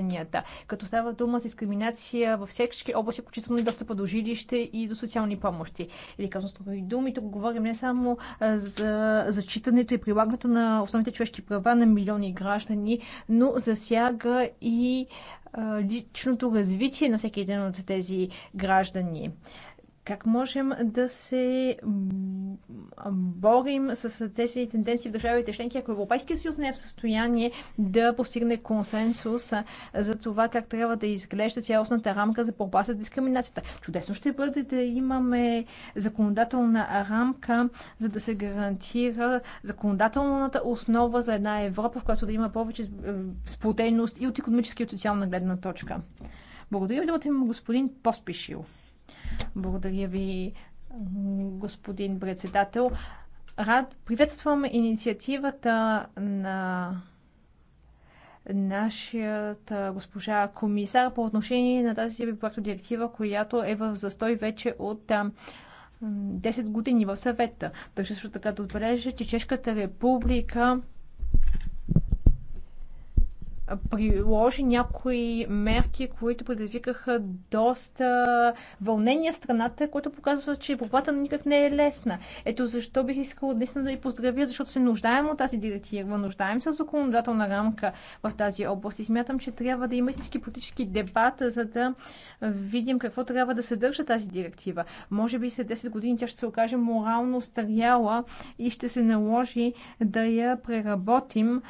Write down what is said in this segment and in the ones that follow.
изискванията, като става дума за дискриминация във всички области, включително и достъпа до жилище и до социални помощи. Или казвам с други думи, тук говорим не само за зачитането и прилагането на основните човешки права на милиони граждани, но засяга и личното развитие на всеки един от тези граждани как можем да се борим с тези тенденции в държавите членки, ако Европейския съюз не е в състояние да постигне консенсус за това как трябва да изглежда цялостната рамка за борба с дискриминацията. Чудесно ще бъде да имаме законодателна рамка, за да се гарантира законодателната основа за една Европа, в която да има повече е, сплотейност и от економически и от социална гледна точка. Благодаря ви, господин Поспишил. Благодаря ви, господин председател. Рад приветствам инициативата на нашият госпожа комисар по отношение на тази директива, която е в застой вече от 10 години в съвета. Държа също така да отбележа, че Чешката република приложи някои мерки, които предизвикаха доста вълнения в страната, което показва, че борбата никак не е лесна. Ето защо бих искала наистина да ви поздравя, защото се нуждаем от тази директива, нуждаем се от законодателна рамка в тази област и смятам, че трябва да има истински политически дебат, за да видим какво трябва да съдържа тази директива. Може би след 10 години тя ще се окаже морално старяла и ще се наложи да я преработим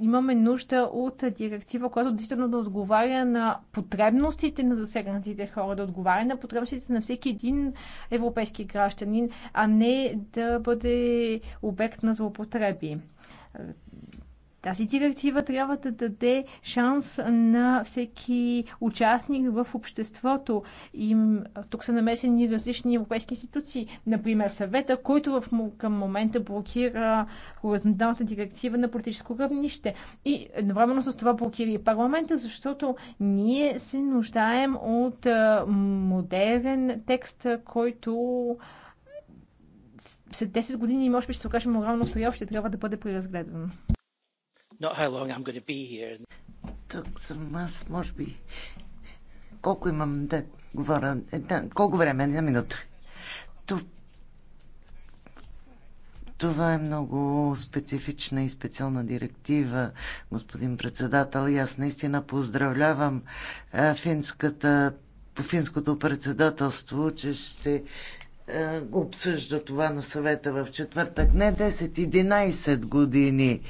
имаме нужда от директива, която действително да отговаря на потребностите на засегнатите хора, да отговаря на потребностите на всеки един европейски гражданин, а не да бъде обект на злоупотреби. Тази директива трябва да даде шанс на всеки участник в обществото. И тук са намесени различни европейски институции, например съвета, който в, към момента блокира хоризонталната директива на политическо равнище. И едновременно с това блокира и парламента, защото ние се нуждаем от модерен текст, който след 10 години, може би ще се окаже морално стоял, ще трябва да бъде преразгледан. Not how long I'm going to be here. Тук съм аз, може би. Колко имам да говоря? Една, колко време? Една минута. Тук това е много специфична и специална директива, господин председател. И аз наистина поздравлявам финската, по финското председателство, че ще обсъжда това на съвета в четвъртък. Не 10, 11 години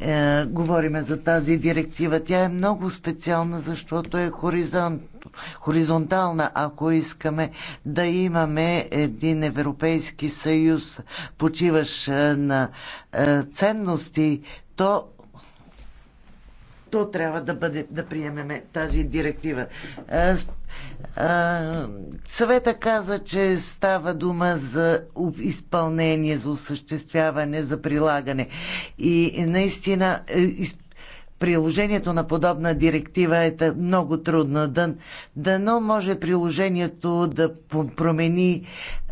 е, говориме за тази директива. Тя е много специална, защото е хоризонт, хоризонтална, ако искаме да имаме един Европейски съюз, почиваш е, на е, ценности, то то трябва да, бъде, да приемеме тази директива. А, а, съвета каза, че става дума за изпълнение, за осъществяване, за прилагане. И наистина е, приложението на подобна директива е много трудно. Дън, дано може приложението да промени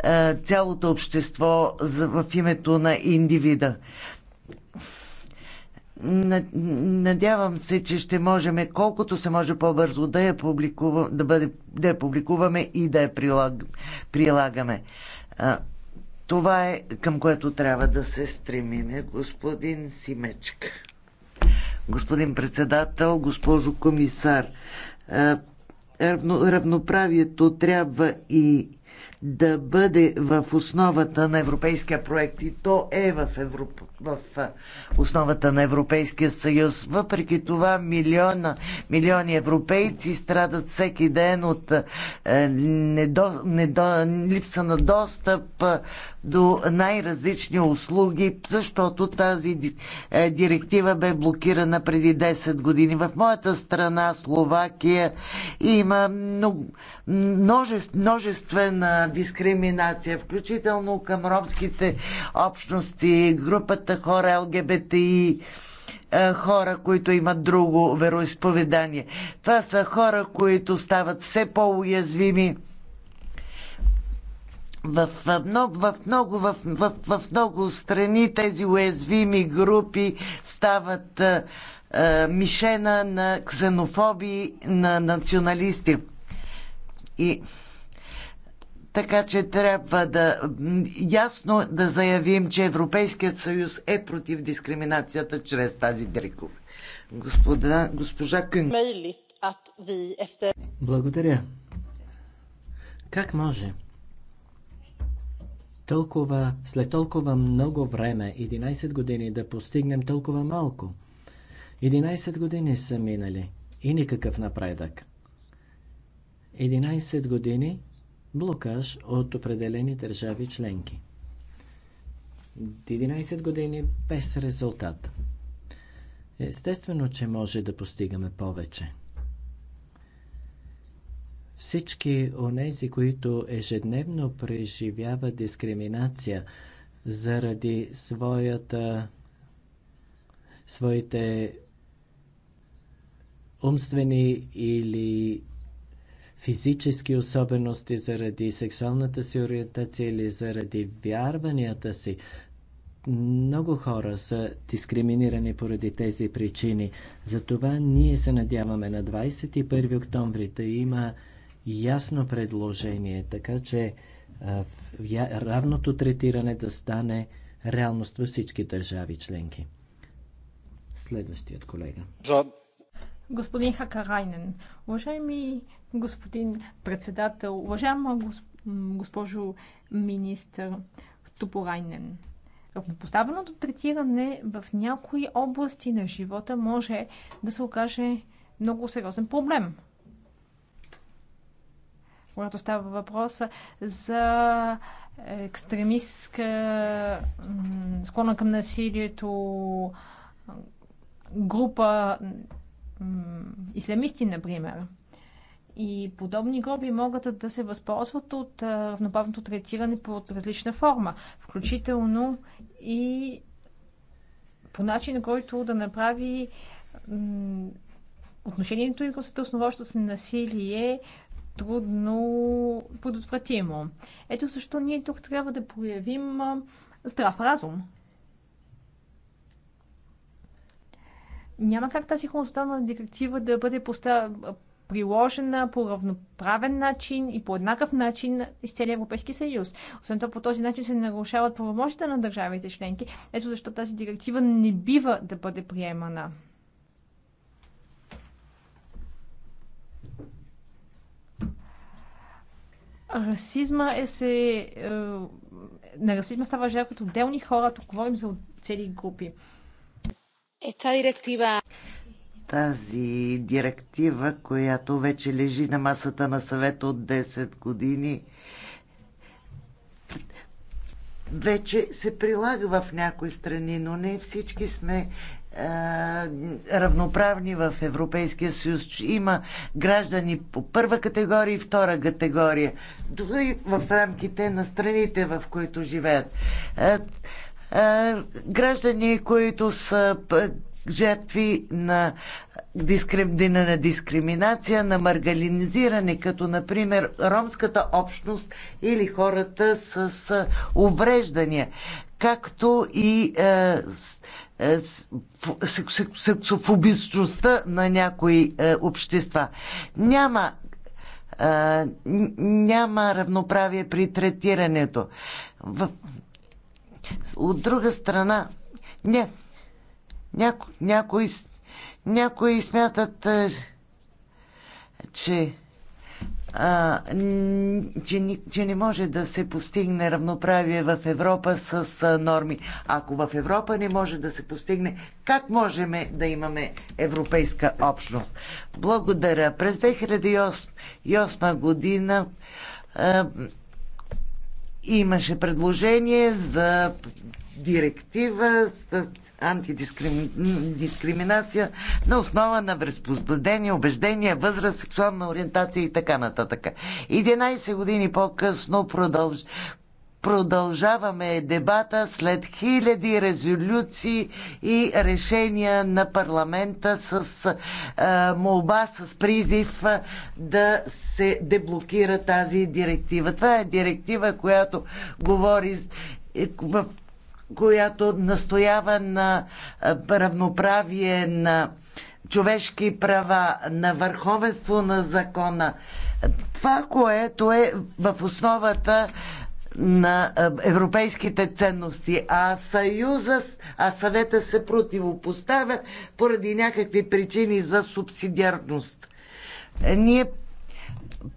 е, цялото общество за, в името на индивида. Надявам се, че ще можем колкото се може по-бързо да я, публикува, да бъде, да я публикуваме и да я прилаг, прилагаме. А, това е към което трябва да се стремиме, господин Симечка. Господин председател, госпожо комисар, равноправието трябва и да бъде в основата на европейския проект и то е в, Европа, в основата на Европейския съюз. Въпреки това милиона, милиони европейци страдат всеки ден от е, недо, недо, липса на достъп до най-различни услуги, защото тази е, директива бе блокирана преди 10 години. В моята страна, Словакия, има много, множествен на дискриминация, включително към ромските общности, групата хора ЛГБТИ, е, хора, които имат друго вероисповедание. Това са хора, които стават все по-уязвими. В, много, в, много, в, в, в много страни тези уязвими групи стават а, е, а, е, мишена на ксенофоби, на националисти. И така че трябва да ясно да заявим, че Европейският съюз е против дискриминацията чрез тази дрекове. Господа, госпожа Кюн. Благодаря. Как може? Толкова, след толкова много време, 11 години, да постигнем толкова малко. 11 години са минали и никакъв напредък. 11 години блокаж от определени държави членки. 11 години без резултат. Естествено, че може да постигаме повече. Всички онези, които ежедневно преживяват дискриминация заради своята, своите умствени или физически особености, заради сексуалната си ориентация или заради вярванията си. Много хора са дискриминирани поради тези причини. Затова ние се надяваме на 21 октомври да има ясно предложение, така че равното третиране да стане реалност във всички държави членки. Следващият колега. Господин Хакарайнен, уважаеми господин председател, уважаема госпожо министър Топорайнен. Равнопоставеното третиране в някои области на живота може да се окаже много сериозен проблем. Когато става въпрос за екстремистска склона към насилието група ислямисти, например – и подобни гроби могат да се възползват от равноправното третиране под различна форма, включително и по начин, който да направи отношението им към света, основащо се насилие, трудно предотвратимо. Ето защо ние тук трябва да проявим здрав разум. Няма как тази хоризонтална директива да бъде поставена приложена по равноправен начин и по еднакъв начин из целия Европейски съюз. Освен това, по този начин се нарушават правомощите на държавите членки. Ето защо тази директива не бива да бъде приемана. Расизма е се... Е, на расизма става жертва от отделни хора, тук говорим за цели групи. Ета директива тази директива, която вече лежи на масата на съвета от 10 години, вече се прилага в някои страни, но не всички сме е, равноправни в Европейския съюз. Има граждани по първа категория и втора категория, дори в рамките на страните, в които живеят. Е, е, граждани, които са жертви на, дискрим... на дискриминация, на маргалинизиране, като например ромската общност или хората с, с увреждания, както и е, е сексофобичността на някои е, общества. Няма е, няма равноправие при третирането. В... От друга страна, не, Няко, някои, някои смятат, е, че, а, че, че не може да се постигне равноправие в Европа с а, норми. Ако в Европа не може да се постигне, как можем да имаме европейска общност? Благодаря. През 2008 година а, имаше предложение за директива с антидискриминация на основа на възпоздение, убеждение, възраст, сексуална ориентация и така нататък. 11 години по-късно продълж... продължаваме дебата след хиляди резолюции и решения на парламента с а, молба, с призив да се деблокира тази директива. Това е директива, която говори в която настоява на равноправие на човешки права, на върховенство на закона. Това, което е в основата на европейските ценности, а Съюза, а съвета се противопоставя поради някакви причини за субсидиарност. Ние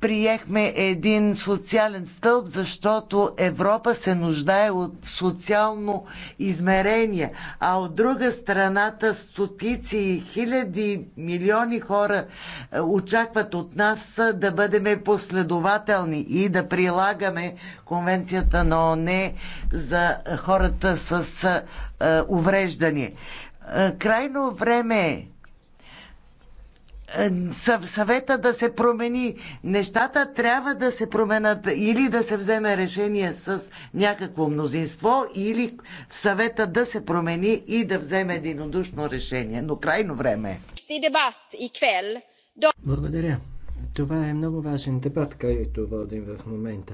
приехме един социален стълб, защото Европа се нуждае от социално измерение, а от друга страната стотици, хиляди, милиони хора е, очакват от нас е, да бъдем последователни и да прилагаме конвенцията на ОНЕ за хората с е, увреждане. Крайно време е съвета да се промени. Нещата трябва да се променят или да се вземе решение с някакво мнозинство, или съвета да се промени и да вземе единодушно решение. Но крайно време е. Благодаря. Това е много важен дебат, който водим в момента.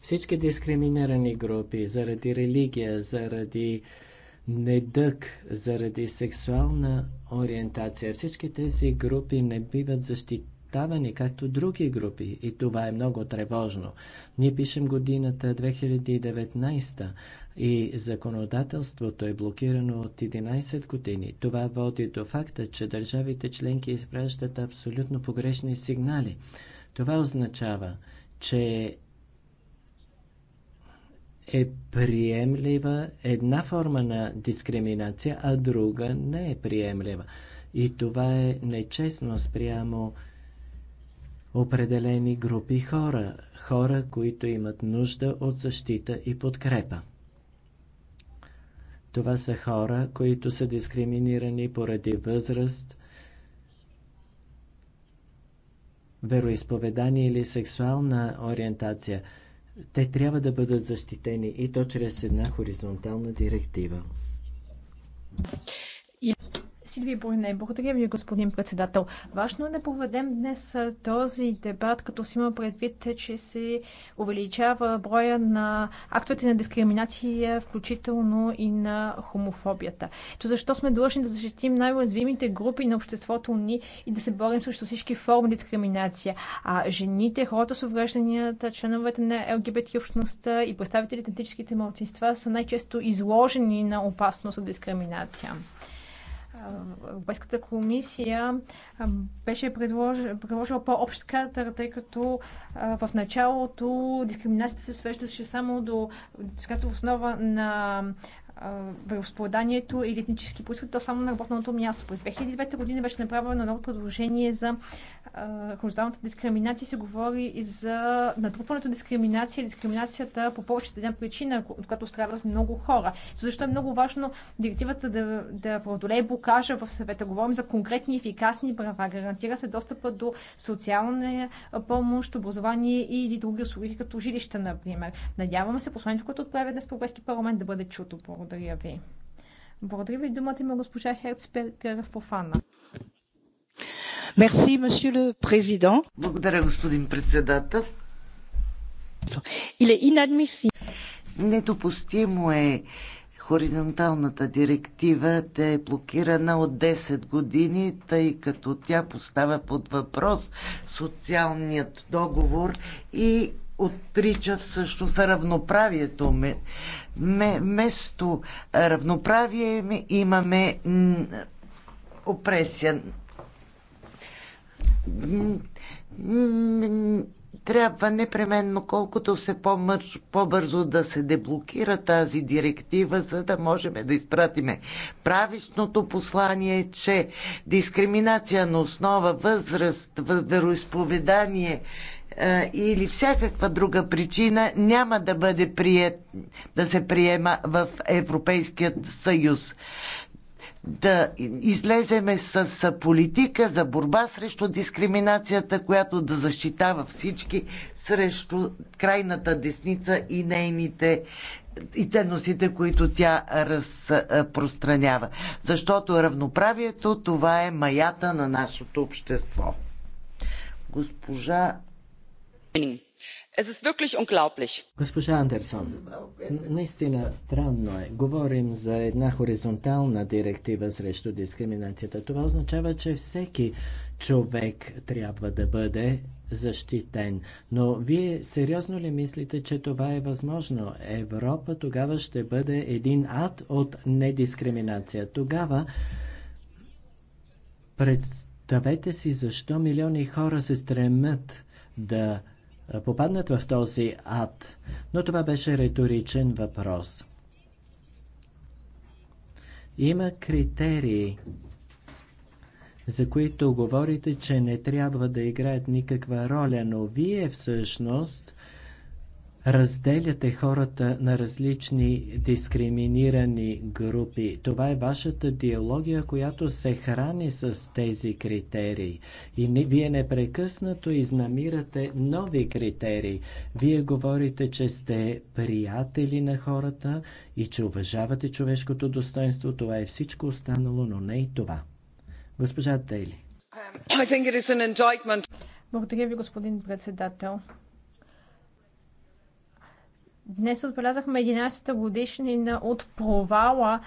Всички дискриминирани групи заради религия, заради недък заради сексуална ориентация. Всички тези групи не биват защитавани, както други групи. И това е много тревожно. Ние пишем годината 2019 и законодателството е блокирано от 11 години. Това води до факта, че държавите членки изпращат абсолютно погрешни сигнали. Това означава, че е приемлива една форма на дискриминация, а друга не е приемлива. И това е нечестно спрямо определени групи хора, хора, които имат нужда от защита и подкрепа. Това са хора, които са дискриминирани поради възраст, вероисповедание или сексуална ориентация – те трябва да бъдат защитени и то чрез една хоризонтална директива. Силви значи Бойне. Благодаря ви, господин председател. Важно е да проведем днес този дебат, като си има предвид, че се увеличава броя на актовете на дискриминация, включително и на хомофобията. То защо сме длъжни да защитим най-уязвимите групи на обществото ни и да се борим срещу всички форми дискриминация. А жените, хората с уврежданията, членовете на ЛГБТ общността и представителите на етническите малцинства са най-често изложени на опасност от дискриминация. Европейската комисия беше предложила по-общ катър, тъй като в началото дискриминацията се свеждаше само до в основа на вероисповеданието или етнически происход, то само на работното място. През 2009 година беше направено ново предложение за хоризонталната дискриминация. Се говори и за натрупването дискриминация, дискриминацията по повечето една причина, от която страдат много хора. Защо е много важно директивата да, да преодолее блокажа в съвета. Говорим за конкретни ефикасни права. Гарантира се достъпа до социална помощ, образование или други услуги, като жилища, например. Надяваме се посланието, което отправя днес по парламент да бъде чуто. Благодаря. Благодаря ви. Благодаря ви. Думата има госпожа Херцбергер Фофана. Мерси, месье президент. Благодаря, господин председател. Или инадмисим. Недопустимо е хоризонталната директива да е блокирана от 10 години, тъй като тя поставя под въпрос социалният договор и отрича всъщност равноправието. Место равноправие имаме опресия. Трябва непременно, колкото се по-бързо да се деблокира тази директива, за да можем да изпратиме правишното послание, че дискриминация на основа възраст, вероисповедание, е, или всякаква друга причина няма да бъде прият, да се приема в Европейският съюз. Да излеземе с политика за борба срещу дискриминацията, която да защитава всички срещу крайната десница и нейните и ценностите, които тя разпространява. Защото равноправието това е маята на нашето общество. Госпожа Госпожа Андерсон, наистина странно е. Говорим за една хоризонтална директива срещу дискриминацията. Това означава, че всеки човек трябва да бъде защитен. Но вие сериозно ли мислите, че това е възможно? Европа тогава ще бъде един ад от недискриминация. Тогава представете си защо милиони хора се стремят да е, попаднат в този ад. Но това беше риторичен въпрос. Има критерии, за които говорите, че не трябва да играят никаква роля, но вие всъщност разделяте хората на различни дискриминирани групи. Това е вашата диалогия, която се храни с тези критерии. И не, вие непрекъснато изнамирате нови критерии. Вие говорите, че сте приятели на хората и че уважавате човешкото достоинство. Това е всичко останало, но не и това. Госпожа Тейли. Благодаря ви, господин председател. Днес отбелязахме 11-та годишнина от провала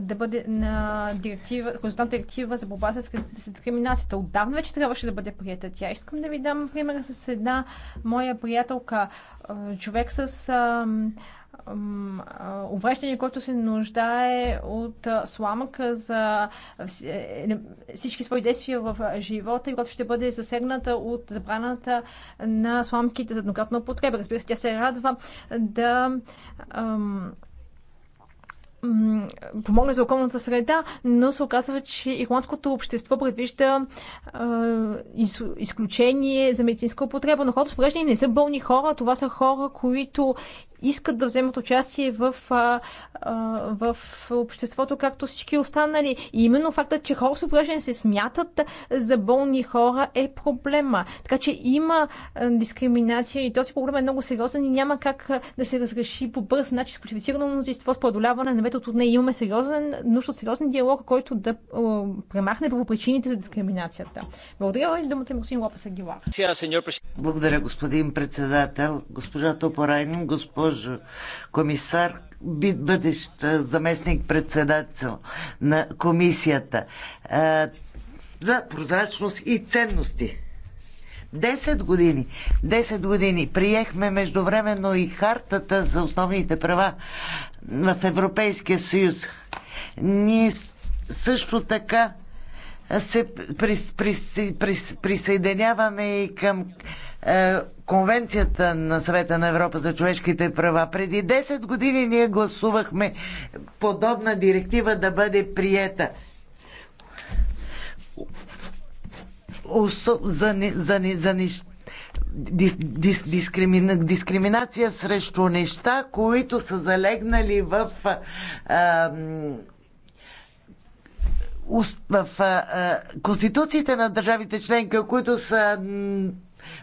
да бъде на директива, хоризонтална директива за борба с дискриминацията. Отдавна вече трябваше да бъде прията тя. Искам да ви дам пример с една моя приятелка, човек с увреждане, което се нуждае от сламъка за е, е, всички свои действия в живота и която ще бъде засегната от забраната на сламките за еднократна употреба. Разбира се, тя се радва да помогне за околната среда, но се оказва, че ирландското общество предвижда из, изключение за медицинска употреба. Но хората с не са болни хора, това са хора, които искат да вземат участие в, а, а, в обществото, както всички останали. И именно фактът, че хора с увреждане се смятат за болни хора е проблема. Така че има дискриминация и този проблем е много сериозен и няма как да се разреши по бърз начин с квалифицирано мнозинство, с преодоляване на метод от нея. Имаме сериозен, нужда от сериозен диалог, който да премахне причините за дискриминацията. Благодаря ви, думата ми господин Лопес Агилар. Благодаря, господин председател. Госпожа Топорайн, госпожа госпожо комисар, бъдещ заместник-председател на комисията за прозрачност и ценности. 10 години. десет години. Приехме междувременно и хартата за основните права в Европейския съюз. Ние също така се прис, прис, прис, присъединяваме и към е, Конвенцията на Съвета на Европа за човешките права. Преди 10 години ние гласувахме подобна директива да бъде приета. за, за, за, нищ... дис, дис, дискримина, дискриминация срещу неща, които са залегнали в. Е, в конституциите на държавите членки, които са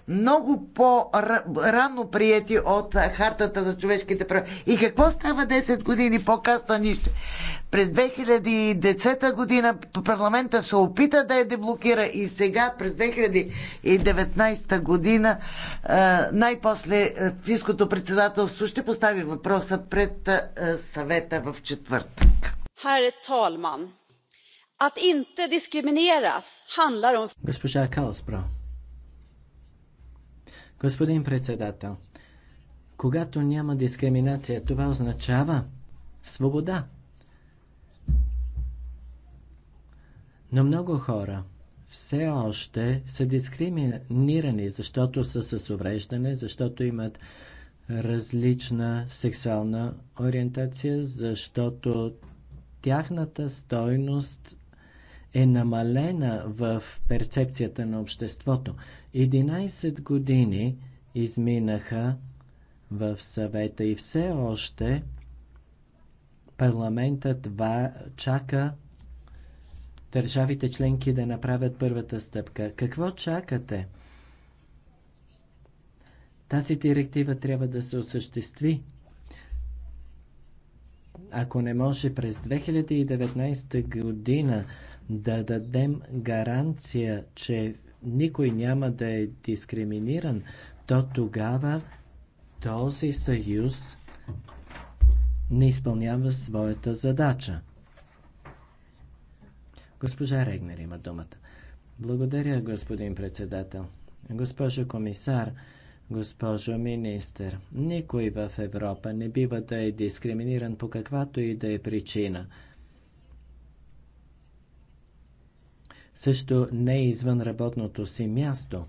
много по-рано прияти от Хартата за човешките права. И какво става 10 години по-късно нищо? През 2010 година парламента се опита да я деблокира и сега през 2019 година най-после фиското председателство ще постави въпроса пред съвета в четвъртък. Herr talman! Att inte diskrimineras handlar om... Госпожа Калсбро. Господин председател, когато няма дискриминация, това означава свобода. Но много хора все още са дискриминирани, защото са с увреждане, защото имат различна сексуална ориентация, защото тяхната стойност е намалена в перцепцията на обществото. 11 години изминаха в съвета и все още парламентът ва, чака държавите членки да направят първата стъпка. Какво чакате? Тази директива трябва да се осъществи. Ако не може през 2019 година да дадем гаранция, че никой няма да е дискриминиран, то тогава този съюз не изпълнява своята задача. Госпожа Регнер има думата. Благодаря, господин председател. Госпожо комисар, госпожо министър, никой в Европа не бива да е дискриминиран по каквато и да е причина – също не е извън работното си място.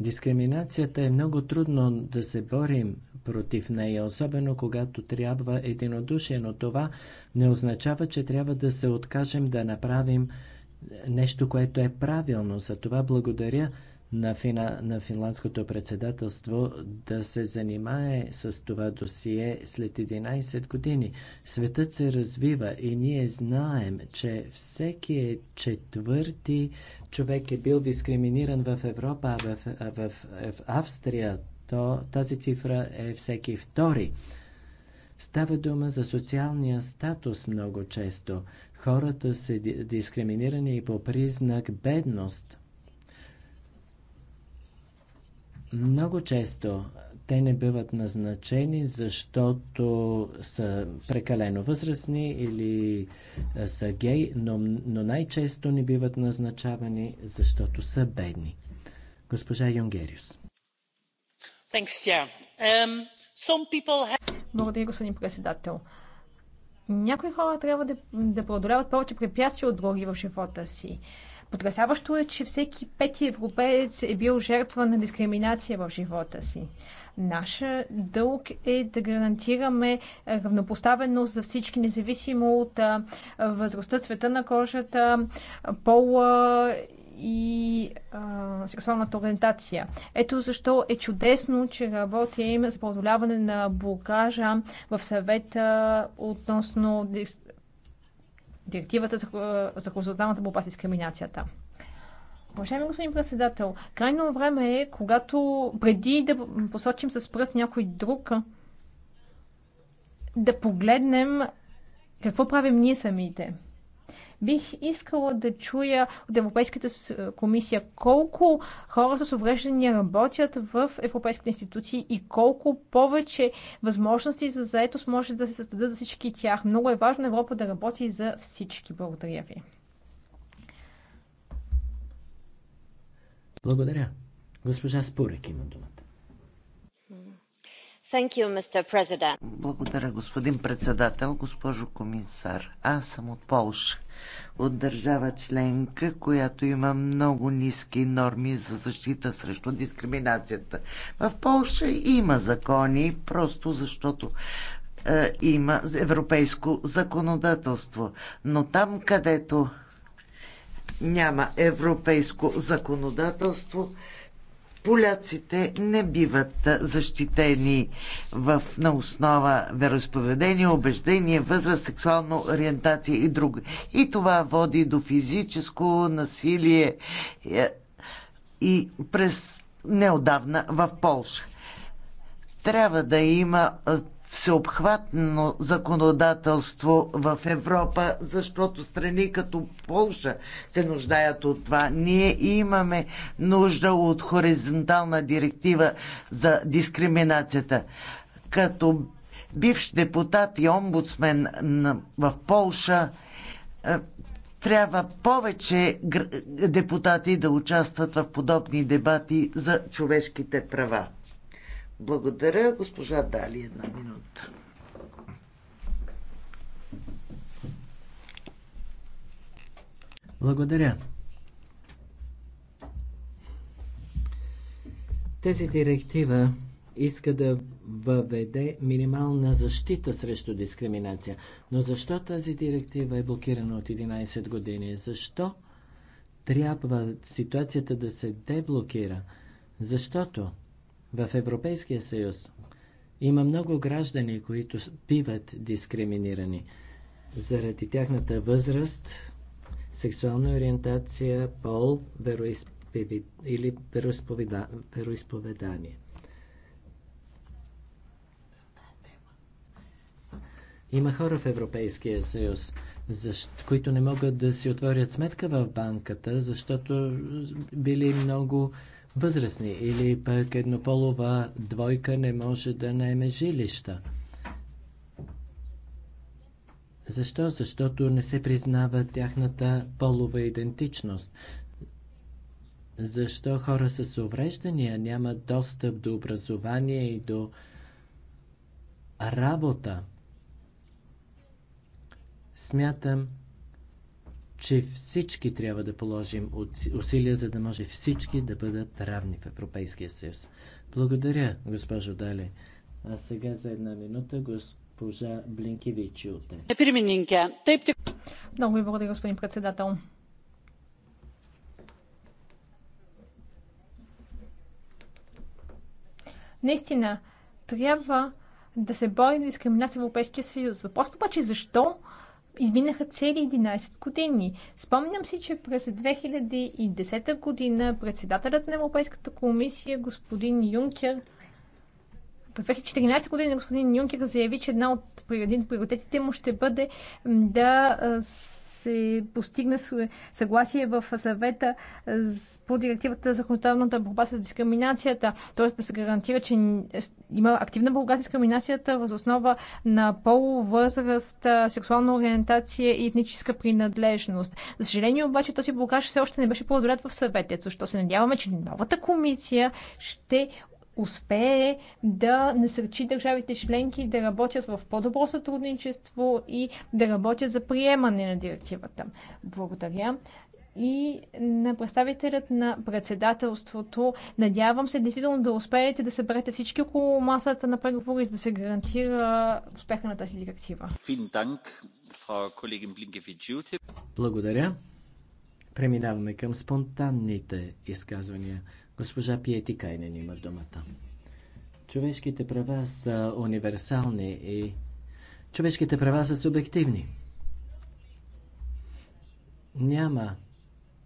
Дискриминацията е много трудно да се борим против нея, особено когато трябва единодушие, но това не означава, че трябва да се откажем да направим нещо, което е правилно. За това благодаря на, фина, на финландското председателство да се занимае с това досие след 11 години. Светът се развива и ние знаем, че всеки е четвърти човек е бил дискриминиран в Европа, а в, в, в, в Австрия то тази цифра е всеки втори. Става дума за социалния статус много често. Хората са дискриминирани и по признак бедност. Много често те не биват назначени, защото са прекалено възрастни или са гей, но, но най-често не биват назначавани, защото са бедни. Госпожа Юнгериус. Um, Благодаря, господин председател. Някои хора трябва да, да преодоляват повече препятствия от други в живота си. Потрясаващо е, че всеки пети европеец е бил жертва на дискриминация в живота си. Наша дълг е да гарантираме равнопоставеност за всички, независимо от възрастта, цвета на кожата, пола и а, сексуалната ориентация. Ето защо е чудесно, че работим за преодоляване на блокажа в съвета относно директивата за, за хоризонталната борба с дискриминацията. Уважаеми господин председател, крайно време е, когато преди да посочим с пръст някой друг, да погледнем какво правим ние самите. Бих искала да чуя от Европейската комисия колко хора с увреждания работят в европейските институции и колко повече възможности за заетост може да се създадат за всички тях. Много е важно Европа да работи за всички. Благодаря ви. Благодаря. Госпожа Спорек има думата. Благодаря, господин председател, госпожо комисар. Аз съм от Полша, от държава членка, която има много ниски норми за защита срещу дискриминацията. В Полша има закони, просто защото е, има европейско законодателство. Но там, където няма европейско законодателство, поляците не биват защитени в, на основа вероисповедение, убеждение, възраст, сексуална ориентация и други. И това води до физическо насилие е, и през неодавна в Полша. Трябва да има е, всеобхватно законодателство в Европа, защото страни като Полша се нуждаят от това. Ние имаме нужда от хоризонтална директива за дискриминацията. Като бивш депутат и омбудсмен в Полша, е, трябва повече депутати да участват в подобни дебати за човешките права. Благодаря, госпожа Дали, една минута. Благодаря. Тези директива иска да въведе минимална защита срещу дискриминация. Но защо тази директива е блокирана от 11 години? Защо трябва ситуацията да се деблокира? Защото в Европейския съюз има много граждани, които биват дискриминирани заради тяхната възраст, сексуална ориентация, пол, или вероизповеда... вероизповедание. Има хора в Европейския съюз, защ... които не могат да си отворят сметка в банката, защото били много възрастни или пък еднополова двойка не може да найме жилища. Защо? Защото не се признава тяхната полова идентичност. Защо хора с увреждания нямат достъп до образование и до работа? Смятам, че всички трябва да положим усилия, за да може всички да бъдат равни в Европейския съюз. Благодаря, госпожо Дали. А сега за една минута госпожа Блинкевичиоте. Много ви благодаря, господин председател. Наистина, трябва да се борим дискриминация в Европейския съюз. Въпросът обаче е защо Изминаха цели 11 години. Спомням си, че през 2010 година председателят на Европейската комисия, господин Юнкер, през 2014 година господин Юнкер заяви, че една от приоритетите му ще бъде да се постигне съгласие в съвета по директивата за хората борба с дискриминацията, т.е. да се гарантира, че има активна борба с дискриминацията въз основа на пол, възраст, сексуална ориентация и етническа принадлежност. За съжаление обаче този блокаж все още не беше преодолят в съвета. Защо се надяваме, че новата комисия ще успее да насърчи държавите членки да работят в по-добро сътрудничество и да работят за приемане на директивата. Благодаря и на представителят на председателството. Надявам се действително да успеете да съберете всички около масата на преговори, за да се гарантира успеха на тази директива. Благодаря. Преминаваме към спонтанните изказвания. Госпожа Пиети Кайнен има думата. Човешките права са универсални и човешките права са субективни. Няма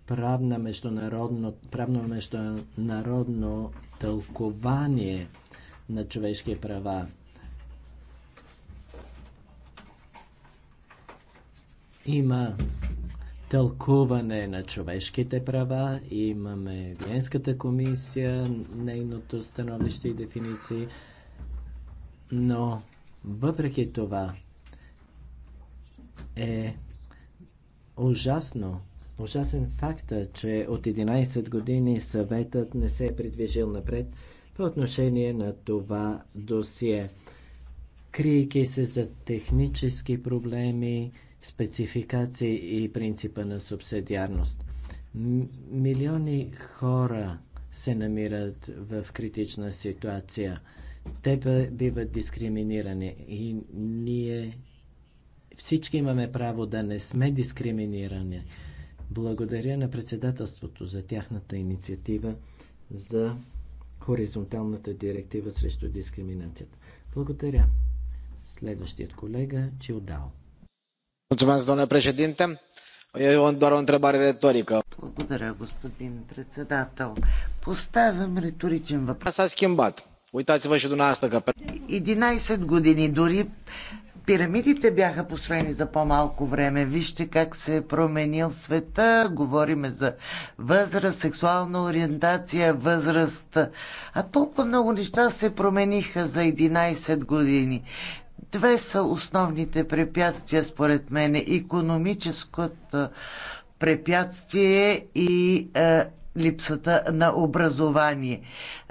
правна международно, правно международно тълкование на човешки права. Има тълкуване на човешките права, имаме Венската комисия, нейното становище и дефиниции, но въпреки това е ужасно, ужасен факта, че от 11 години съветът не се е придвижил напред по отношение на това досие. Криеки се за технически проблеми, спецификации и принципа на субсидиарност. Милиони хора се намират в критична ситуация. Те биват дискриминирани и ние всички имаме право да не сме дискриминирани. Благодаря на председателството за тяхната инициатива за хоризонталната директива срещу дискриминацията. Благодаря. Следващият колега Чилдао domnule președinte eu doar o întrebare retorică. Благодаря, господин председател. Поставям риторичен въпрос. S-a schimbat. Uitați-vă și dumneavoastră că... 11 години дори пирамидите бяха построени за по-малко време. Вижте как се е променил света. Говориме за възраст, сексуална ориентация, възраст. А толкова много неща се промениха за 11 години. Две са основните препятствия, според мен. Економическото препятствие и е, липсата на образование.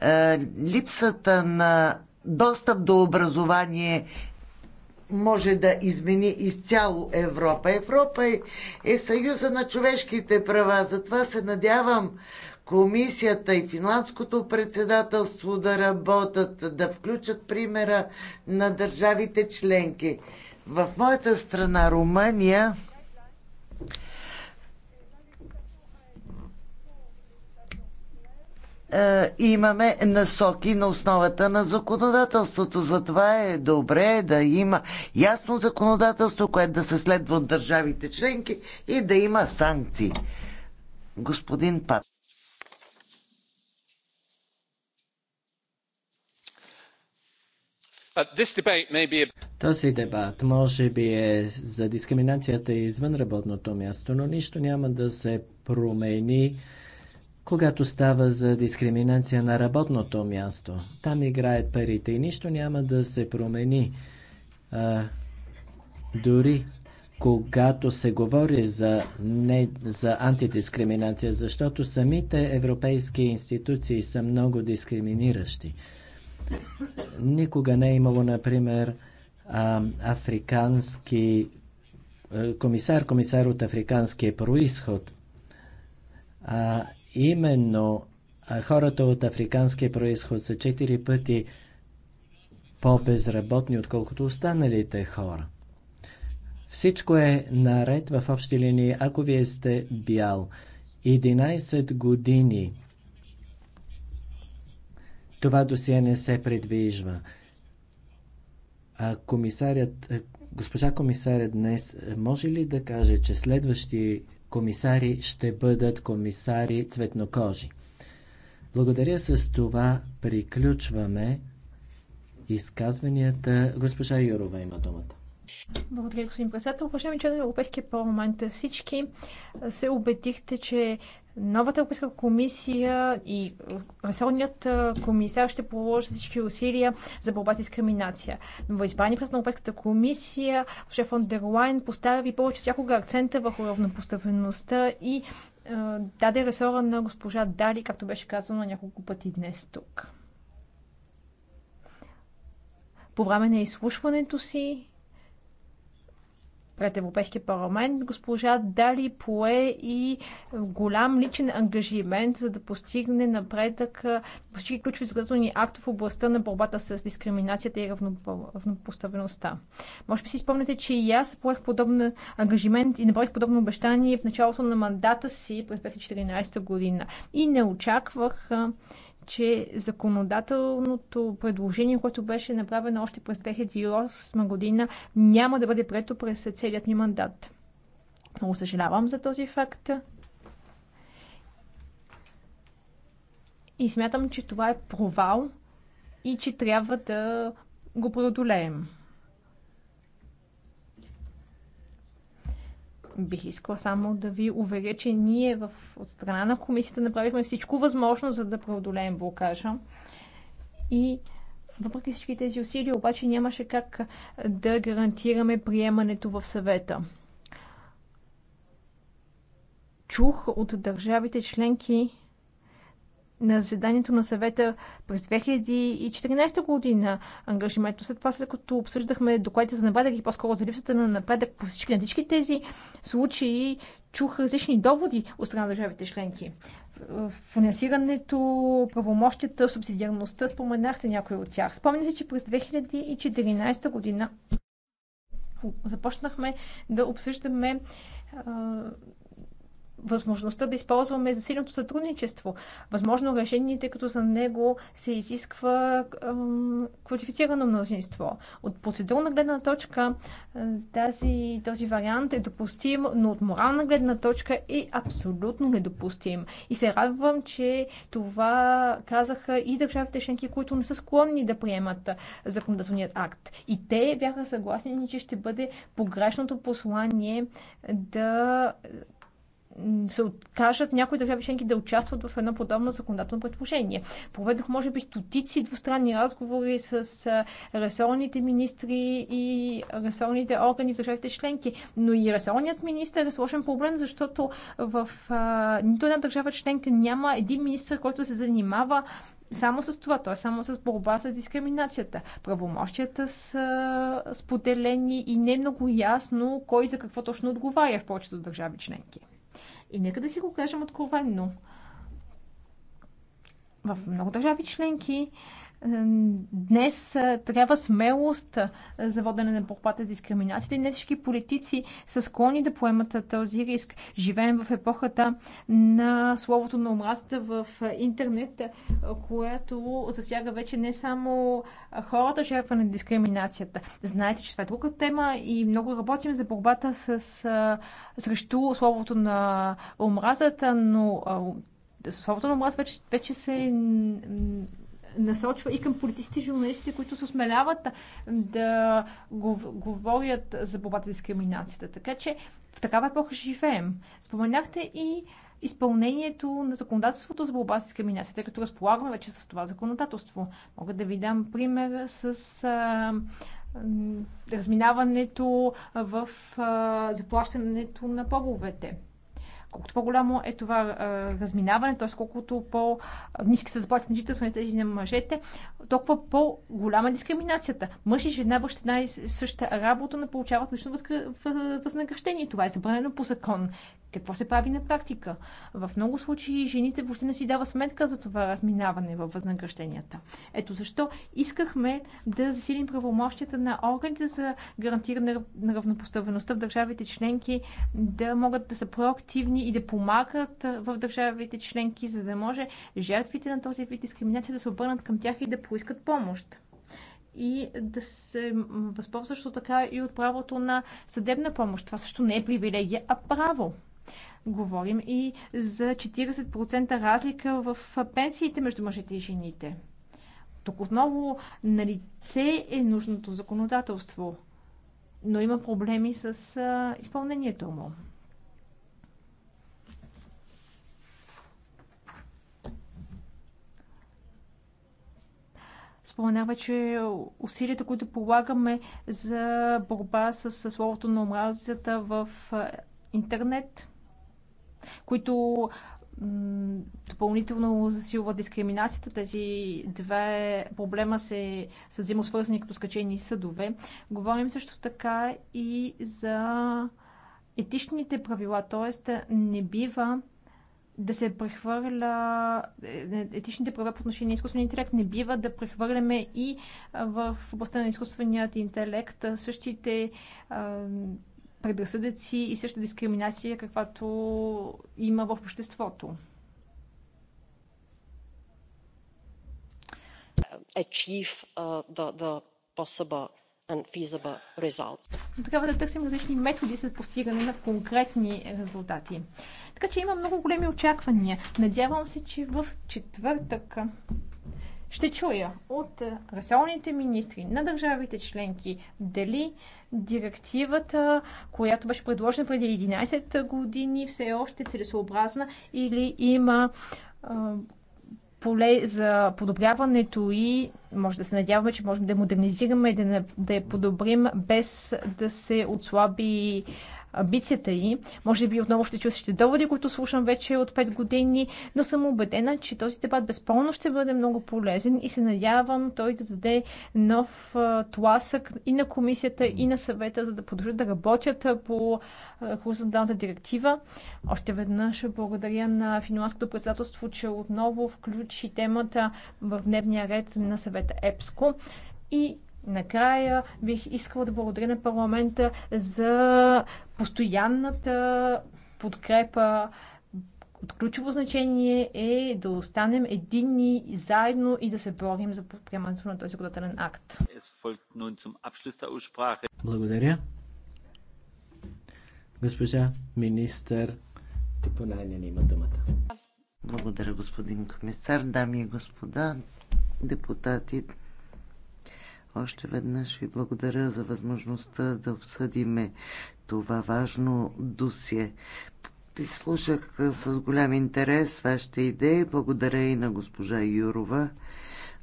Е, липсата на достъп до образование може да измени изцяло Европа. Европа е, е съюза на човешките права. Затова се надявам комисията и финландското председателство да работят, да включат примера на държавите членки. В моята страна, Румъния, е, имаме насоки на основата на законодателството. Затова е добре да има ясно законодателство, което да се следва от държавите членки и да има санкции. Господин Пат. Този дебат може би е за дискриминацията извън работното място, но нищо няма да се промени, когато става за дискриминация на работното място. Там играят парите и нищо няма да се промени. А, дори когато се говори за, не, за антидискриминация, защото самите европейски институции са много дискриминиращи. Никога не е имало, например, африкански комисар, комисар от африканския происход. А именно хората от африканския происход са четири пъти по-безработни, отколкото останалите хора. Всичко е наред в общи линии, ако вие сте бял. 11 години това досие не се предвижва. А комисарят, госпожа комисаря днес може ли да каже, че следващи комисари ще бъдат комисари цветнокожи? Благодаря с това приключваме изказванията. Госпожа Юрова има думата. Благодаря, господин председател. Уважаеми членове на Европейския парламент, всички се убедихте, че новата Европейска комисия и ресорният комисар ще положат всички усилия за борба с дискриминация. Но Испания през на Европейската комисия, шеф фон поставя Лайн повече всякога акцента върху равнопоставеността и е, даде ресора на госпожа Дали, както беше казано няколко пъти днес тук. По време на изслушването си пред Европейския парламент, госпожа Дали пое и голям личен ангажимент, за да постигне напредък всички ключови изградителни акти в областта на борбата с дискриминацията и равнопоставеността. Може би си спомняте, че и аз поех подобен ангажимент и направих подобно обещание в началото на мандата си през 2014 година. И не очаквах че законодателното предложение, което беше направено още през 2008 година, няма да бъде прето през целият ми мандат. Много съжалявам за този факт. И смятам, че това е провал и че трябва да го преодолеем. Бих искала само да ви уверя, че ние в, от страна на комисията направихме всичко възможно, за да преодолеем блокажа. И въпреки всички тези усилия, обаче нямаше как да гарантираме приемането в съвета. Чух от държавите членки, на заседанието на съвета през 2014 година ангажимент. След това, след като обсъждахме докладите за напредък и по-скоро за липсата на напредък по всички, на всички тези случаи, чух различни доводи от страна на държавите членки. Финансирането, правомощията, субсидиарността, споменахте някои от тях. Спомняте, че през 2014 година започнахме да обсъждаме възможността да използваме засиленото сътрудничество. Възможно решение, тъй като за него се изисква квалифицирано мнозинство. От процедурна гледна точка тази, този вариант е допустим, но от морална гледна точка е абсолютно недопустим. И се радвам, че това казаха и държавите членки, които не са склонни да приемат законодателният акт. И те бяха съгласни, че ще бъде погрешното послание да се откажат някои държави членки да участват в едно подобно законодателно предложение. Проведох, може би, стотици двустранни разговори с ресорните министри и ресорните органи в държавите членки, но и ресорният министр е сложен проблем, защото в а, нито една държава членка няма един министр, който се занимава само с това, т.е. само с борба с дискриминацията. Правомощията са споделени и не е много ясно кой за какво точно отговаря в повечето държави членки. И нека да си го кажем откровенно. В много държави членки Днес трябва смелост за водене на борбата с дискриминацията и не всички политици са склонни да поемат този риск. Живеем в епохата на словото на омразата в интернет, което засяга вече не само хората, жертва на дискриминацията. Знаете, че това е друга тема и много работим за борбата с, срещу словото на омразата, но словото на омраза вече, вече се насочва и към политиците и журналистите, които се осмеляват да говорят за борбата с дискриминацията. Така че в такава епоха живеем. Споменахте и изпълнението на законодателството за борба с дискриминацията, тъй като разполагаме вече с това законодателство. Мога да ви дам пример с а, разминаването в а, заплащането на половете колкото по-голямо е това а, разминаване, т.е. колкото по-низки са заплатите на жителство на тези на мъжете, толкова по-голяма е дискриминацията. Мъж и жена в една и съща работа, не получават лично възнаграждение. Това е забранено по закон. Какво се прави на практика? В много случаи жените въобще не си дава сметка за това разминаване във възнагражденията. Ето защо искахме да засилим правомощията на органите за гарантиране на равнопоставеността в държавите членки, да могат да са проактивни и да помагат в държавите членки, за да може жертвите на този вид дискриминация да се обърнат към тях и да поискат помощ и да се възползва също така и от правото на съдебна помощ. Това също не е привилегия, а право. Говорим и за 40% разлика в пенсиите между мъжете и жените. Тук отново на лице е нужното законодателство, но има проблеми с а, изпълнението му. споменава, че усилията, които полагаме за борба с, с словото на омразата в интернет, които допълнително засилва дискриминацията. Тези две проблема се са взаимосвързани като скачени съдове. Говорим също така и за етичните правила, т.е. не бива да се прехвърля е, е, етичните права по отношение на изкуствения интелект, не бива да прехвърляме и в областта на изкуственият интелект същите предразсъдъци и същата дискриминация, каквато има в обществото. Achieve uh, the, the но трябва да търсим различни методи за постигане на конкретни резултати. Така че има много големи очаквания. Надявам се, че в четвъртък ще чуя от е, ресорните министри на държавите членки дали директивата, която беше предложена преди 11 години, все още е целесообразна или има поле за подобряването и може да се надяваме, че можем да модернизираме и да, да я подобрим без да се отслаби амбицията й. Може би отново ще чуя същите доводи, които слушам вече от 5 години, но съм убедена, че този дебат безпълно ще бъде много полезен и се надявам той да даде нов тласък и на комисията, и на съвета, за да продължат да работят по хоризонталната директива. Още веднъж благодаря на финландското председателство, че отново включи темата в дневния ред на съвета ЕПСКО. И Накрая бих искала да благодаря на парламента за постоянната подкрепа. От ключово значение е да останем единни заедно и да се борим за приемането на този законодателен акт. Благодаря. Госпожа министър Типонайнен има думата. Благодаря, господин комисар, дами и господа, депутати, още веднъж ви благодаря за възможността да обсъдиме това важно досие. Прислушах с голям интерес вашите идеи. Благодаря и на госпожа Юрова.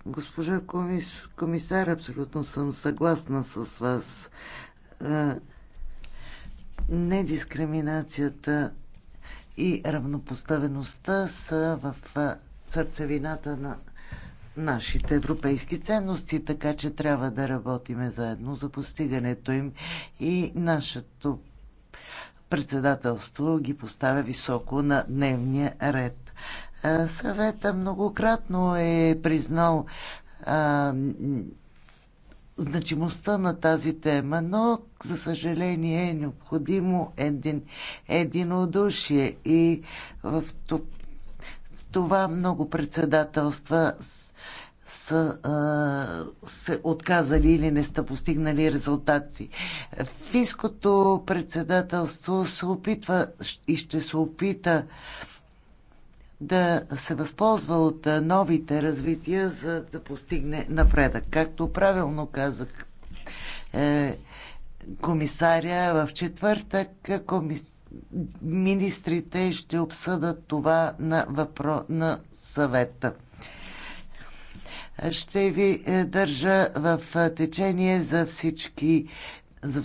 Госпожа комис, комисар, абсолютно съм съгласна с вас. Недискриминацията и равнопоставеността са в сърцевината на нашите европейски ценности, така че трябва да работиме заедно за постигането им и нашето председателство ги поставя високо на дневния ред. Съвета многократно е признал а, значимостта на тази тема, но, за съжаление, е необходимо един, единодушие и в това много председателства са а, се отказали или не са постигнали резултати. Финското председателство се опитва и ще се опита да се възползва от новите развития, за да постигне напредък. Както правилно казах е, комисаря, в четвъртък коми... министрите ще обсъдат това на, въпро... на съвета. Ще ви е, държа в е, течение за всички, за,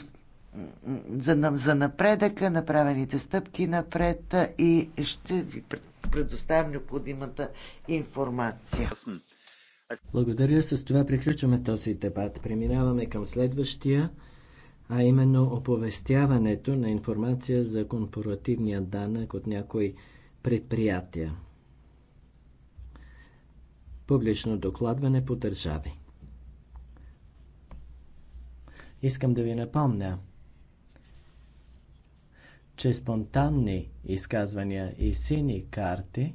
за, за напредъка, направените стъпки напред е, и ще ви предоставям необходимата информация. Благодаря. С това приключваме този дебат. Преминаваме към следващия, а именно оповестяването на информация за корпоративния данък от някои предприятия публично докладване по държави. Искам да ви напомня, че спонтанни изказвания и сини карти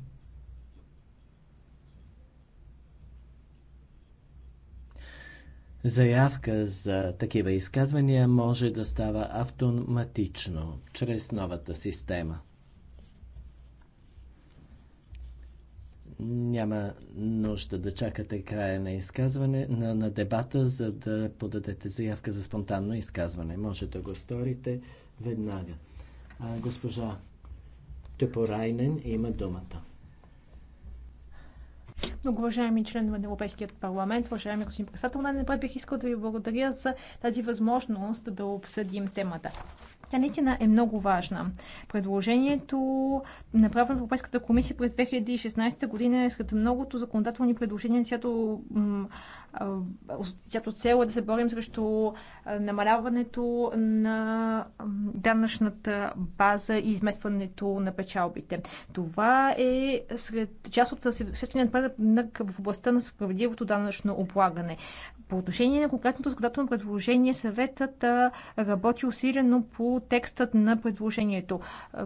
Заявка за такива изказвания може да става автоматично чрез новата система. Няма нужда да чакате края на изказване, на, на дебата, за да подадете заявка за спонтанно изказване. Може да го сторите веднага. А, госпожа Тепорайнен има думата. Много уважаеми членове на Европейския парламент, уважаеми господин председател, най-напред бих искал да ви благодаря за тази възможност да обсъдим темата. Тя наистина е много важна. Предложението, направено в Европейската комисия през 2016 година, е сред многото законодателни предложения, чиято, чиято цел е да се борим срещу намаляването на данъчната база и изместването на печалбите. Това е сред част от съществения напредък в областта на справедливото данъчно облагане. По отношение на конкретното законодателно предложение, съветът работи усилено по текстът на предложението.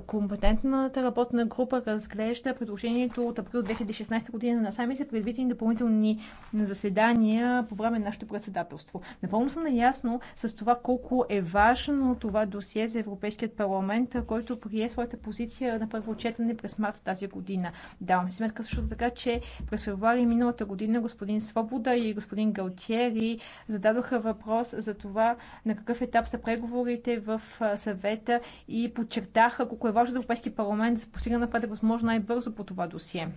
Компетентната работна група разглежда предложението от април 2016 година на сами са предвидени допълнителни заседания по време на нашето председателство. Напълно съм наясно с това колко е важно това досие за Европейският парламент, който прие своята позиция на първо четене през март тази година. Давам си сметка също така, че през февруари миналата година господин Свобода и господин Галтиери зададоха въпрос за това на какъв етап са преговорите в съвета и подчертаха колко е важно за Европейския парламент да се постигне напредък възможно най-бързо по това досие.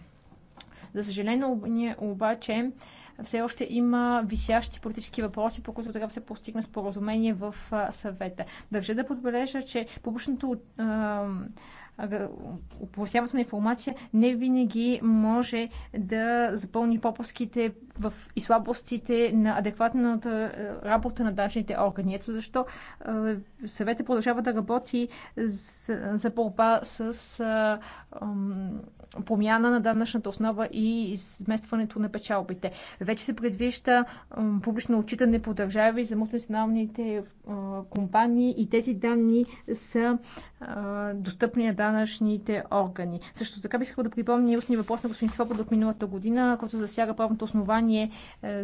За съжаление обаче все още има висящи политически въпроси, по които трябва да се постигне споразумение в съвета. Държа да подбележа, че публичното оповестяването на информация не винаги може да запълни попуските в и слабостите на адекватната е, работа на данъчните органи. Ето защо е, съветът продължава да работи за, за борба с е, промяна на данъчната основа и изместването на печалбите. Вече се предвижда публично отчитане по държави за мултинационалните компании и тези данни са достъпни на данъчните органи. Също така бих искала да припомня и устния въпрос на господин Свобода от миналата година, който засяга правното основание е,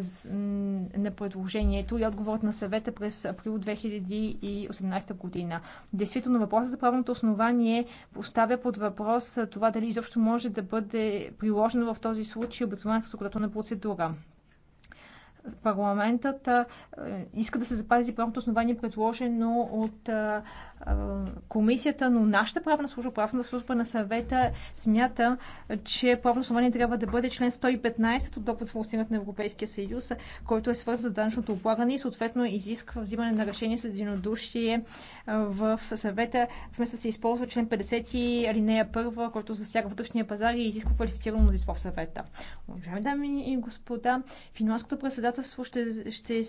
на предложението и отговорът на съвета през април 2018 година. Действително въпросът за правното основание поставя под въпрос това дали изобщо може да бъде приложено в този случай обикновената законодателна процедура парламентът е, иска да се запази правното основание, предложено от комисията, но нашата правна служба, правната служба на съвета смята, че правно основание трябва да бъде член 115 от доклад за на Европейския съюз, който е свързан с данъчното облагане и съответно изисква взимане на решение с единодушие в съвета, вместо да се използва член 50 алинея 1, който засяга вътрешния пазар и изисква квалифицирано мнозинство в съвета. Уважаеми дами и господа, финландското председателство ще, ще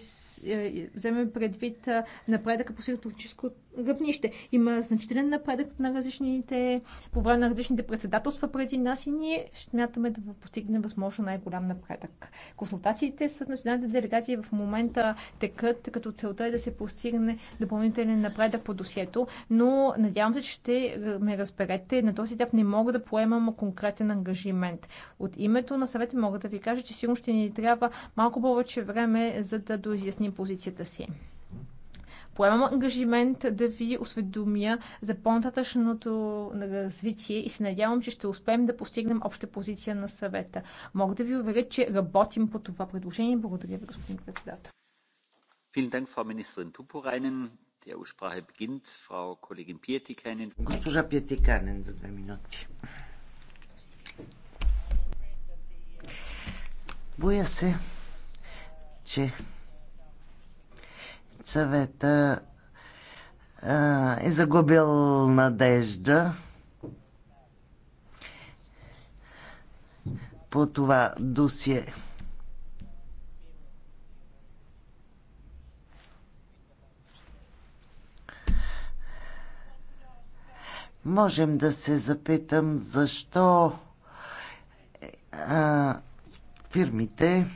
е, вземе предвид напредъка по стратегическо гъбнище равнище. Има значителен напредък на различните, по време на различните председателства преди нас и ние смятаме да постигнем възможно най-голям напредък. Консултациите с националните делегации в момента текат, като целта е да се постигне допълнителен напредък по досието, но надявам се, че ще ме разберете. На този етап не мога да поемам конкретен ангажимент. От името на съвета мога да ви кажа, че сигурно ще ни трябва малко повече време, за да доизясним позицията си. Поемам ангажимент да ви осведомя за по-нататъчното развитие и се надявам, че ще успеем да постигнем обща позиция на съвета. Мога да ви уверя, че работим по това предложение. Благодаря ви, господин председател. Госпожа Пиетиканен за две минути. Боя се, че съвета е загубил надежда по това досие. Можем да се запитам защо а, фирмите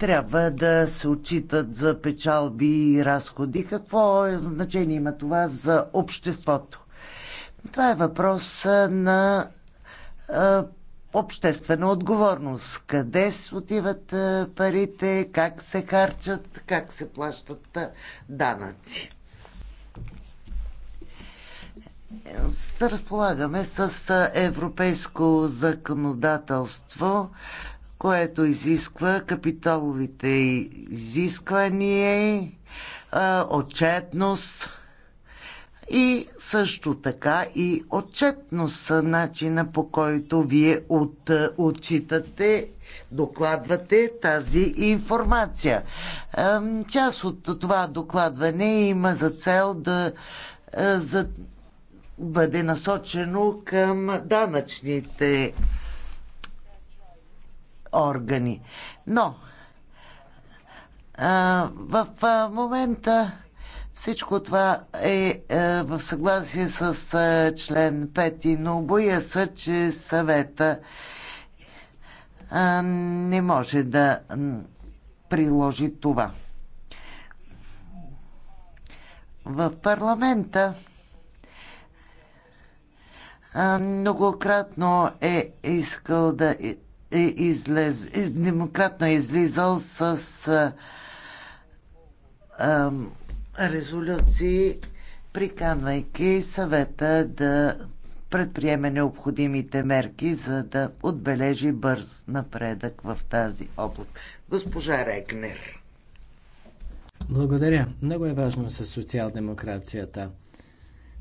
трябва да се отчитат за печалби и разходи. Какво е значение има това за обществото? Това е въпрос на обществена отговорност. Къде отиват парите, как се харчат, как се плащат данъци. Разполагаме с европейско законодателство, което изисква капиталовите изисквания, отчетност и също така и отчетност начина по който вие от, отчитате, докладвате тази информация. Част от това докладване има за цел да за, бъде насочено към данъчните органи. Но а, в а, момента всичко това е, а, е, в съгласие с а, член 5, но боя се, че съвета а, не може да приложи това. В парламента многократно е искал да е излез, е, демократно е излизал с а, а, резолюции, приканвайки съвета да предприеме необходимите мерки, за да отбележи бърз напредък в тази област. Госпожа Регнер. Благодаря. Много е важно за социал-демокрацията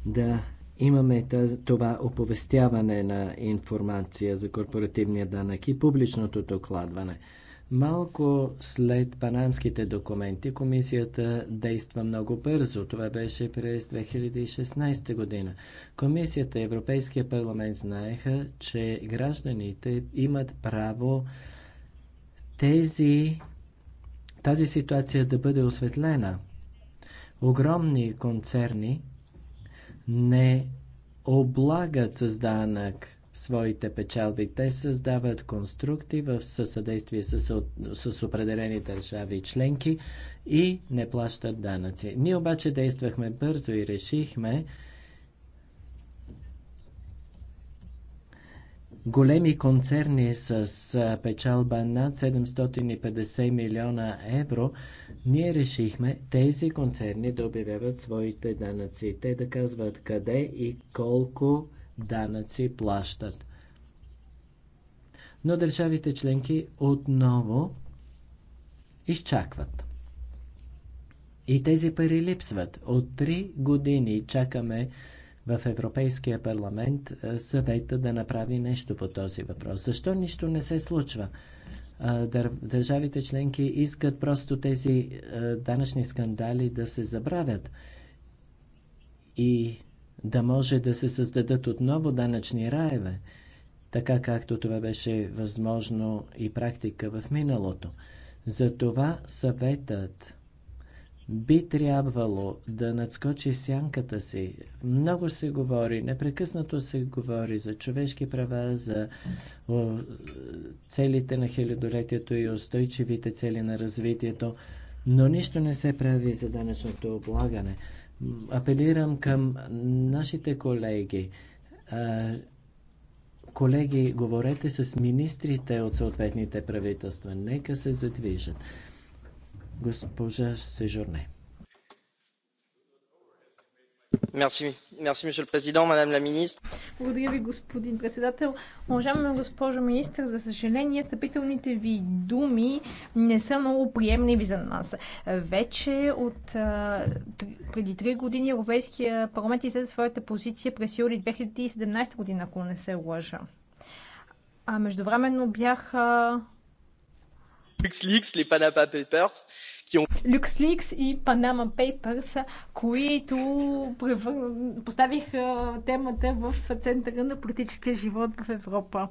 да имаме това оповестяване на информация за корпоративния данък и публичното докладване. Малко след панамските документи комисията действа много бързо. Това беше през 2016 година. Комисията и Европейския парламент знаеха, че гражданите имат право тези, тази ситуация да бъде осветлена. Огромни концерни – не облагат с данък своите печалби. Те създават конструкти в съсъдействие с, с определени държави и членки и не плащат данъци. Ние обаче действахме бързо и решихме, големи концерни с печалба над 750 милиона евро, ние решихме тези концерни да обявяват своите данъци. Те да казват къде и колко данъци плащат. Но държавите членки отново изчакват. И тези пари липсват. От три години чакаме в Европейския парламент съвета да направи нещо по този въпрос. Защо нищо не се случва? Държавите членки искат просто тези данъчни скандали да се забравят и да може да се създадат отново данъчни раеве, така както това беше възможно и практика в миналото. Затова съветът би трябвало да надскочи сянката си. Много се говори, непрекъснато се говори за човешки права, за целите на хилядолетието и устойчивите цели на развитието, но нищо не се прави за данъчното облагане. Апелирам към нашите колеги. Колеги, говорете с министрите от съответните правителства. Нека се задвижат госпожа Сежурне. Благодаря ви, господин председател. Уважаема госпожо министър, за съжаление, стъпителните ви думи не са много приемливи за нас. Вече от преди три години Европейския парламент излезе своята позиция през юли 2017 година, ако не се лъжа. А междувременно бяха LuxLeaks, les Panama Papers, qui ont... LuxLeaks и Panama Papers, които поставих темата в центъра на политическия живот в Европа.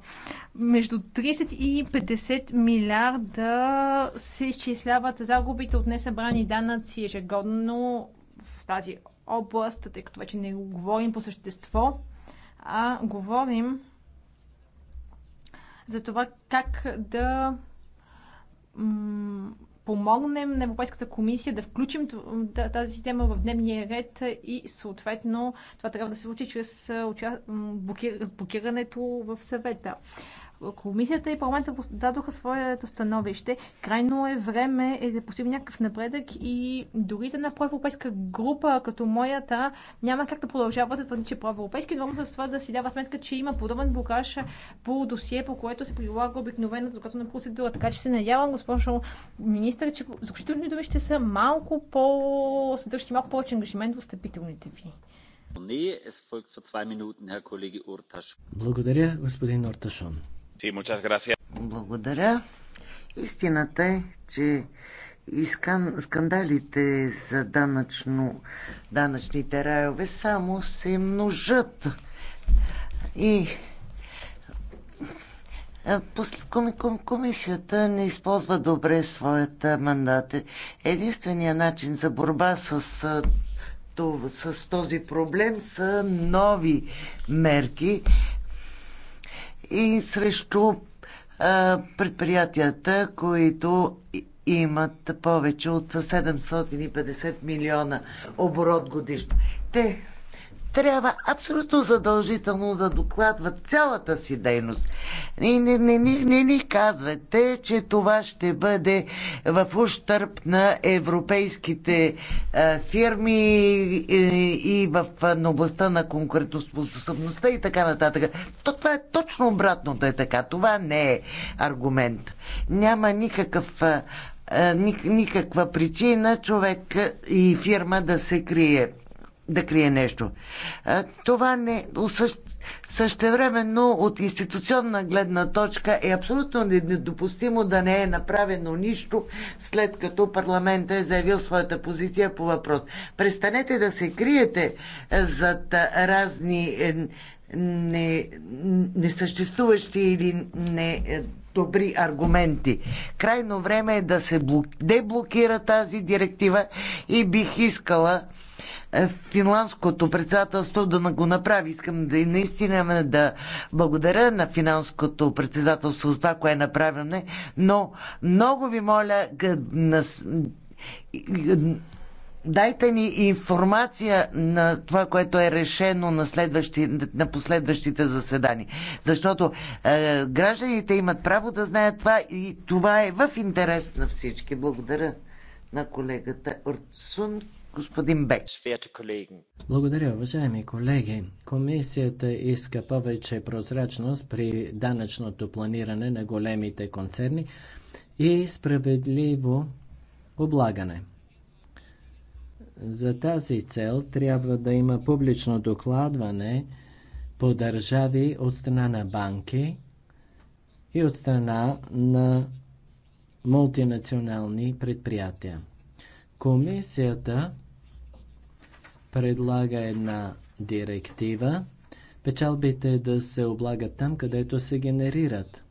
Между 30 и 50 милиарда се изчисляват загубите от несъбрани данъци ежегодно в тази област, тъй като вече не говорим по същество, а говорим за това как да помогнем на Европейската комисия да включим тази тема в дневния ред и съответно това трябва да се случи чрез блокирането в съвета. Комисията и парламента дадоха своето становище. Крайно е време е да постигне някакъв напредък и дори за една проевропейска група, като моята, няма как да продължава да твърди, че е проевропейски, но с това да си дава сметка, че има подобен блокаж по досие, по което се прилага обикновена законодателна процедура. Така че се надявам, госпожо министър, че заключителните думи ще са малко по съдържащи малко повече ангажимент в стъпителните ви. Благодаря, господин Орташон. Благодаря. Истината е, че и скандалите за данъчно, данъчните райове само се множат. И Комисията не използва добре своята мандат. Единственият начин за борба с, с този проблем са нови мерки, и срещу предприятията, които имат повече от 750 милиона оборот годишно. Те трябва абсолютно задължително да докладват цялата си дейност. И не, не, не, не ни казвате, че това ще бъде в ущърп на европейските а, фирми и, и в областта на конкурентоспособността и така нататък. То, това е точно обратното е така. Това не е аргумент. Няма никакъв никаква причина човек и фирма да се крие да крие нещо. Това не същевременно от институционна гледна точка е абсолютно недопустимо да не е направено нищо след като парламента е заявил своята позиция по въпрос. Престанете да се криете е, зад разни е, не, несъществуващи или не е, добри аргументи. Крайно време е да се деблокира тази директива и бих искала е, финландското председателство да го направи. Искам да и наистина да благодаря на финландското председателство за това, кое е направено, но много ви моля дайте ни информация на това, което е решено на, следващи, на последващите заседания. Защото е, гражданите имат право да знаят това и това е в интерес на всички. Благодаря на колегата Урсун господин Бек. Благодаря, уважаеми колеги. Комисията иска повече прозрачност при данъчното планиране на големите концерни и справедливо облагане. За тази цел трябва да има публично докладване по държави от страна на банки и от страна на мултинационални предприятия. Комисията предлага една директива печалбите да се облагат там, където се генерират.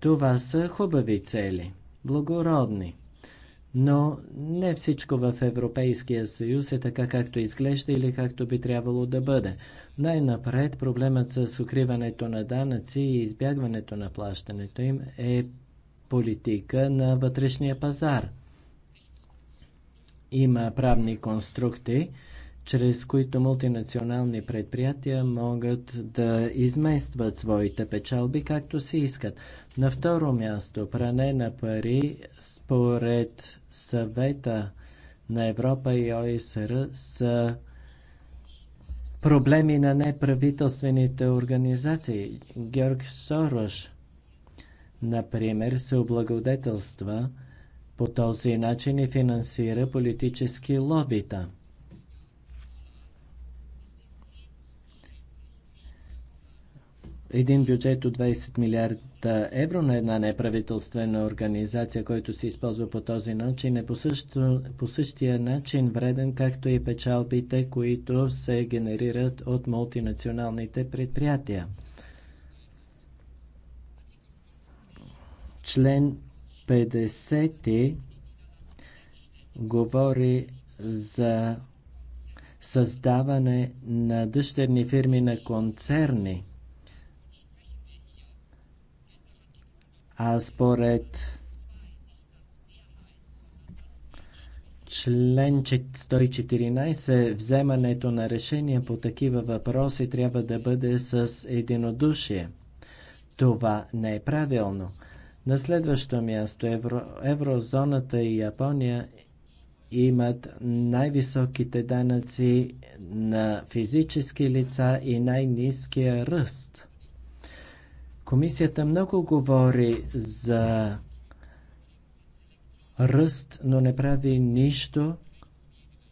Това са хубави цели, благородни. Но не всичко в Европейския съюз е така както изглежда или както би трябвало да бъде. Най-напред проблемът с укриването на данъци и избягването на плащането им е политика на вътрешния пазар има правни конструкти, чрез които мултинационални предприятия могат да изместват своите печалби както си искат. На второ място, пране на пари според съвета на Европа и ОИСР са проблеми на неправителствените организации. Георг Сорош, например, се облагодетелства по този начин и е финансира политически лобита. един бюджет от 20 милиарда евро на една неправителствена организация, който се използва по този начин, е по, също, по същия начин вреден, както и печалбите, които се генерират от мултинационалните предприятия. Член 50 говори за създаване на дъщерни фирми на концерни. А според член 114 вземането на решения по такива въпроси трябва да бъде с единодушие. Това не е правилно. На следващо място евро, еврозоната и Япония имат най-високите данъци на физически лица и най-низкия ръст. Комисията много говори за ръст, но не прави нищо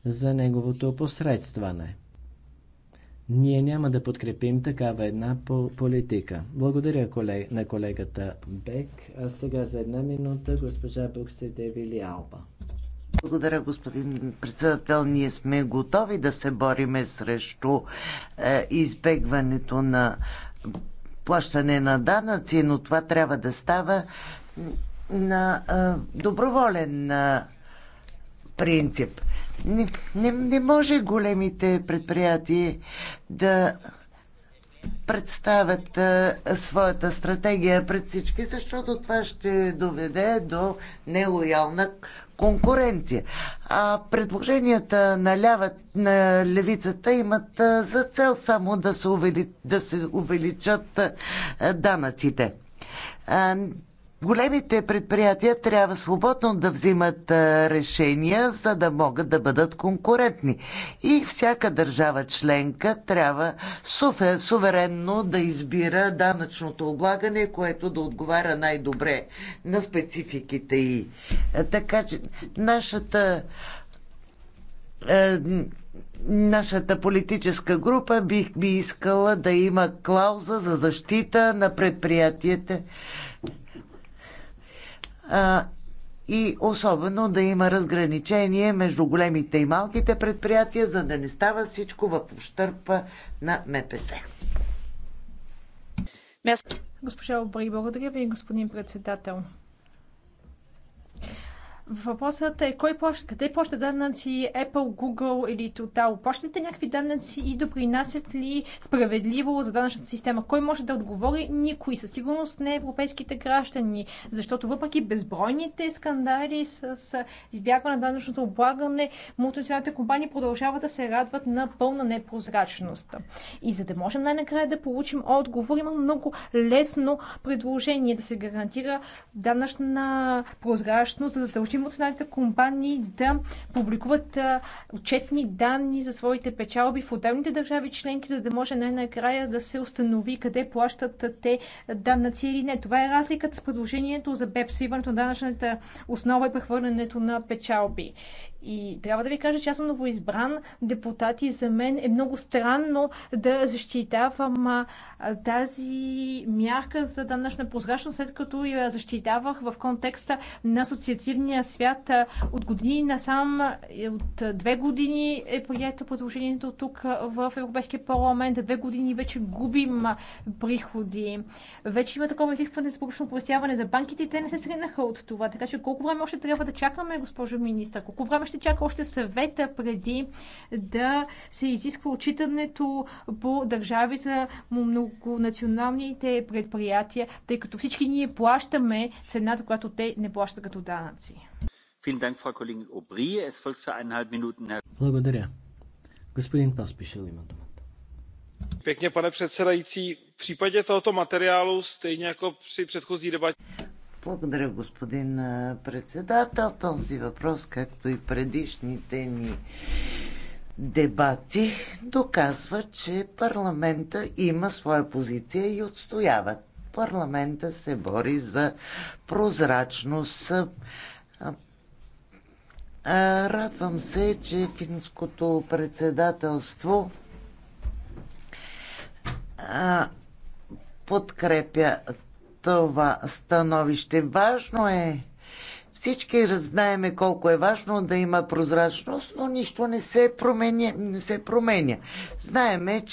за неговото посредстване. Ние няма да подкрепим такава една политика. Благодаря колег, на колегата Бек. А сега за една минута госпожа Букседевили Алба. Благодаря, господин председател. Ние сме готови да се бориме срещу е, избегването на плащане на данъци, но това трябва да става на е, доброволен е, принцип. Не, не, не може големите предприятия да представят а, своята стратегия пред всички, защото това ще доведе до нелоялна конкуренция. А предложенията на, лява, на левицата имат а, за цел само да се, увели, да се увеличат а, данъците. А, Големите предприятия трябва свободно да взимат решения, за да могат да бъдат конкурентни. И всяка държава членка трябва суверенно да избира данъчното облагане, което да отговаря най-добре на спецификите й. Така че нашата нашата политическа група бих би искала да има клауза за защита на предприятията и особено да има разграничение между големите и малките предприятия, за да не става всичко в ущърпа на МПС. Госпожа Обри, благодаря ви, господин председател. Въпросът е кой плаща, къде плаща данъци Apple, Google или Total? Плащат ли някакви данъци и допринасят ли справедливо за данъчната система? Кой може да отговори? Никой. Със сигурност не европейските граждани. Защото въпреки безбройните скандали с, с избягване на данъчното облагане, мултинационалните компании продължават да се радват на пълна непрозрачност. И за да можем най-накрая да получим отговор, има много лесно предложение да се гарантира данъчна прозрачност за задължим мултинационалните компании да публикуват отчетни данни за своите печалби в отделните държави членки, за да може най-накрая да се установи къде плащат те данъци или не. Това е разликата с предложението за БЕП, свиването на данъчната основа и прехвърлянето на печалби. И трябва да ви кажа, че аз съм новоизбран депутат и за мен е много странно да защитавам тази мярка за данъчна прозрачност, след като я защитавах в контекста на асоциативния свят от години насам. Е, от две години е прието предложението тук в Европейския парламент. Две години вече губим приходи. Вече има такова изискване за публично просяване за банките и те не се сринаха от това. Така че колко време още трябва да чакаме, госпожо министър? Колко време ще чака още съвета преди да се изисква отчитането по държави за многонационалните предприятия, тъй като всички ние плащаме цената, която те не плащат като данъци. Благодаря. Господин Паспишел има думата. Pěkně, пане předsedající. в případе tohoto материалу, stejně jako při předchozí debatě... Благодаря, господин председател. Този въпрос, както и предишните ни дебати, доказва, че парламента има своя позиция и отстоява. Парламента се бори за прозрачност. Радвам се, че финското председателство подкрепя това становище. Важно е всички знаеме колко е важно да има прозрачност, но нищо не се променя. Не се променя. Знаеме, че